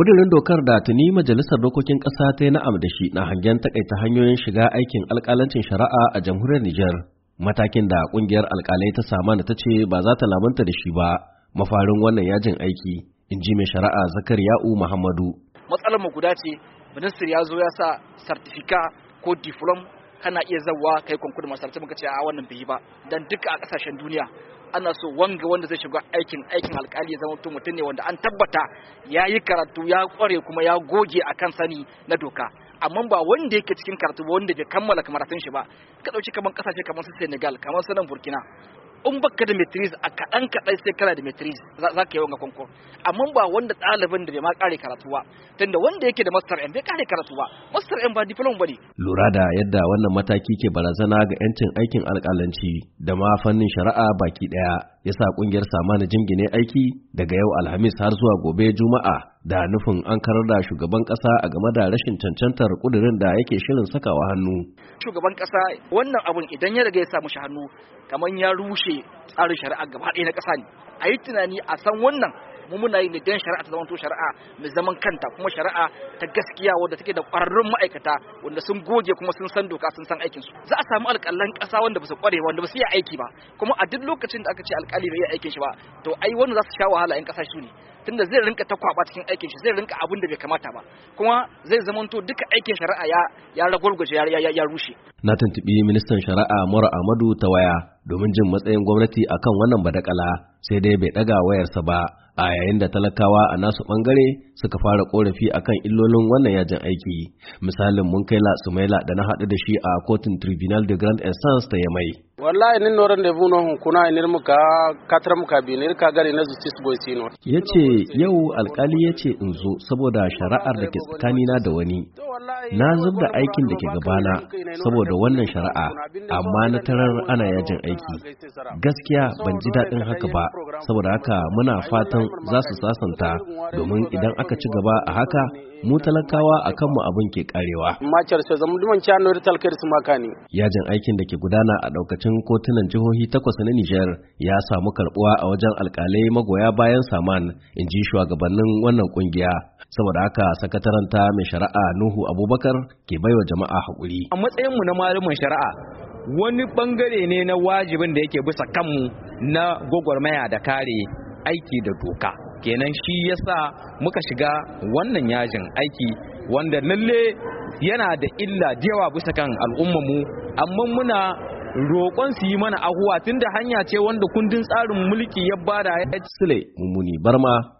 ƙudurin dokar da tuni majalisar dokokin ƙasa ta yi na'am da shi na hangen takaita hanyoyin shiga aikin alƙalancin shari'a a jamhuriyar Nijar. Matakin da ƙungiyar alƙalai ta samana ta ce ba za ta lamunta da shi ba mafarin wannan yajin aiki, in ji mai shari'a Zakariya'u Muhammadu. Matsalar mu guda ce, ministir ya zo ya sa sartifika ko diflom kana iya zawa kai konkur masarauta muka ce a wannan bai ba dan duka a kasashen duniya ana so wanga wanda zai shiga aikin aikin alkali ya zama mutum mutum ne wanda an tabbata ya yi karatu ya kware kuma ya goge akan sani na doka amma ba wanda yake cikin karatu ba wanda bai kammala karatun shi ba ka dauki kamar kasashe kaman su Senegal kamar su nan Burkina in baka da metris a kaɗan kaɗai sai kana da matriz za ka yi wanga kwankwan amma ba wanda ɗalibin da bai ma ƙare karatu ba tunda wanda yake da master M bai ƙare karatu ba master M ba diploma bane lura da yadda wannan mataki ke barazana ga yancin aikin alƙalanci da ma fannin shari'a baki ɗaya ya sa ƙungiyar samani jingine aiki daga yau Alhamis har zuwa gobe Juma'a da nufin an karar da shugaban kasa a game da rashin cancantar kudirin da yake shirin sakawa hannu. Shugaban kasa wannan abun idan ya riga ya samu shi hannu kamar ya rushe tsarin shari'a gaba ɗaya na kasa ne. A yi tunani a san wannan mu muna yi ne don shari'a ta zamanto shari'a mai zaman kanta kuma shari'a ta gaskiya wanda take da ƙwararrun ma'aikata wanda sun goge kuma sun san doka sun san aikin su za a samu alƙalan ƙasa wanda ba su ƙware wanda ba su yi aiki ba kuma a duk lokacin da aka ce alƙali bai yi aikin shi ba to ai wanda za su sha wahala 'yan ƙasa su ne tunda zai rinka ta kwaba cikin aikin shi zai rinka abin da bai kamata ba kuma zai zamanto duka aikin shari'a ya ragwargwaje ya rushe na tuntubi ministan shari'a mura amadu ta waya domin jin matsayin gwamnati akan wannan badakala sai dai bai ɗaga wayarsa ba a yayin da talakawa a nasu bangare suka fara ƙorafi akan illolin wannan yajin aiki misalin mun kai la da na haɗu da shi a kotun tribunal de grand instance ta yamai wallahi nin no rendezvous no hun kuna inir muka katar muka bi ne ka gari na justice boy sino yace yau alkali yace in zo saboda shari'ar da ke tsakanina da wani na zub da aikin da ke gabana saboda wannan shari'a amma na tarar ana yajin aiki gaskiya ban ji daɗin haka ba saboda haka muna fatan za su sasanta domin idan aka ci gaba a haka mu talakawa a kanmu abin ke karewa. Yajin aikin da ke gudana a ɗaukacin kotunan jihohi takwas na Nijar ya samu karbuwa a wajen alkalai magoya bayan saman in ji shugabannin wannan kungiya saboda haka sakataranta mai shari'a Nuhu Abubakar ke baiwa jama'a hakuri. A matsayin mu na malumin shari'a wani bangare ne na wajibin da yake bisa kanmu na gwagwarmaya da kare aiki da doka. Kenan shi yasa muka shiga wannan yajin aiki wanda lalle yana da illa da yawa bisa kan al'ummamu, amma muna roƙon su yi mana ahuwa tunda hanya ce wanda kundin tsarin mulki ya bada ya Sule mummuni Barma